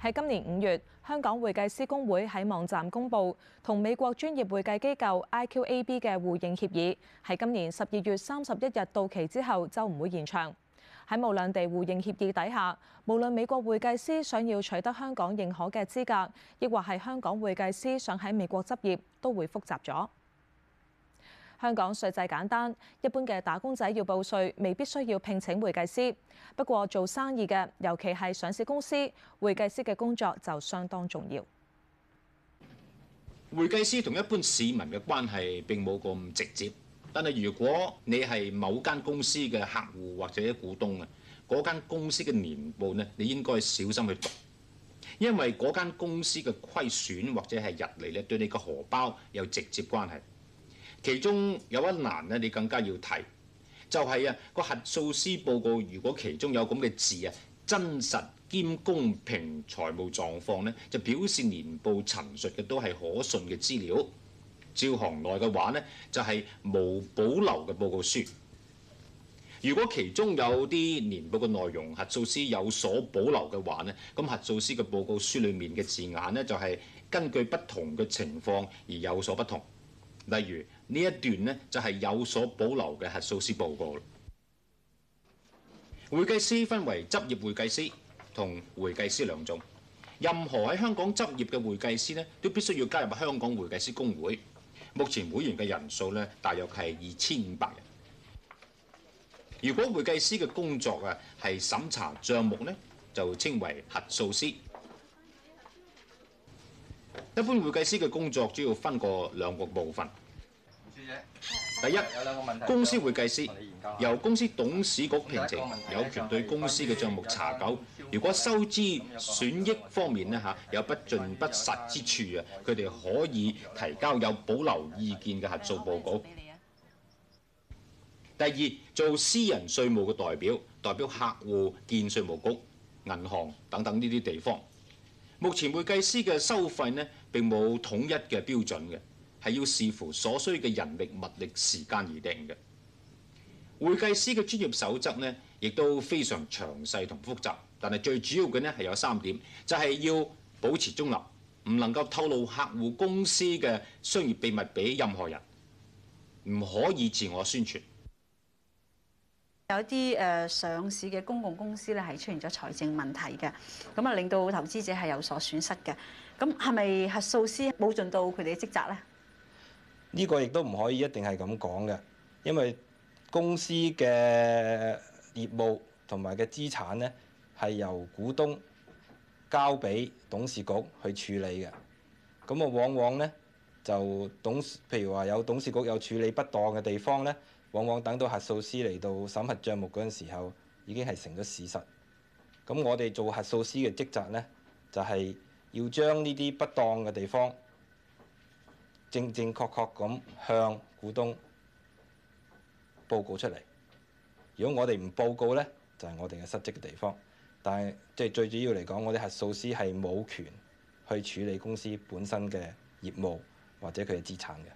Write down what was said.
喺今年五月，香港會計師公會喺網站公布同美國專業會計機構 IQAB 嘅互認協議，喺今年十二月三十一日到期之後就唔會延長。喺無兩地互認協議底下，無論美國會計師想要取得香港認可嘅資格，亦或係香港會計師想喺美國執業，都會複雜咗。香港稅制簡單，一般嘅打工仔要報稅，未必需要聘請會計師。不過做生意嘅，尤其係上市公司，會計師嘅工作就相當重要。會計師同一般市民嘅關係並冇咁直接，但係如果你係某間公司嘅客戶或者股東啊，嗰間公司嘅年報呢，你應該小心去讀，因為嗰間公司嘅虧損或者係入嚟呢，對你嘅荷包有直接關係。.其中有一欄咧，你更加要睇，就係啊個核數師報告。如果其中有咁嘅字啊，真實兼公平財務狀況呢，就表示年報陳述嘅都係可信嘅資料。照行內嘅話呢就係、是、冇保留嘅報告書。如果其中有啲年報嘅內容核數師有所保留嘅話呢，咁核數師嘅報告書裡面嘅字眼呢，就係根據不同嘅情況而有所不同。例如呢一段呢，就係有所保留嘅核數師報告。會計師分為執業會計師同會計師兩種。任何喺香港執業嘅會計師呢，都必須要加入香港會計師公會。目前會員嘅人數呢，大約係二千五百人。如果會計師嘅工作啊係審查帳目呢，就稱為核數師。一般會計師嘅工作主要分過兩個部分。胡師姐，第一公司會計師由公司董事局聘請，有權對公司嘅帳目查究。如果收支損益方面呢吓有不盡不實之處啊，佢哋可以提交有保留意見嘅核數報告。第二做私人稅務嘅代表，代表客戶見稅務局、銀行等等呢啲地方。目前會計師嘅收費呢並冇統一嘅標準嘅，係要視乎所需嘅人力物力時間而定嘅。會計師嘅專業守則呢亦都非常詳細同複雜，但係最主要嘅呢係有三點，就係要保持中立，唔能夠透露客戶公司嘅商業秘密俾任何人，唔可以自我宣傳。有啲誒上市嘅公共公司咧，係出現咗財政問題嘅，咁啊令到投資者係有所損失嘅。咁係咪核數師冇盡到佢哋嘅職責咧？呢個亦都唔可以一定係咁講嘅，因為公司嘅業務同埋嘅資產咧，係由股東交俾董事局去處理嘅。咁啊，往往咧就董，譬如話有董事局有處理不當嘅地方咧。往往等到核數師嚟到審核帳目嗰陣時候，已經係成咗事實。咁我哋做核數師嘅職責呢，就係要將呢啲不當嘅地方，正正確確咁向股東報告出嚟。如果我哋唔報告呢，就係我哋嘅失職嘅地方。但係即係最主要嚟講，我哋核數師係冇權去處理公司本身嘅業務或者佢嘅資產嘅。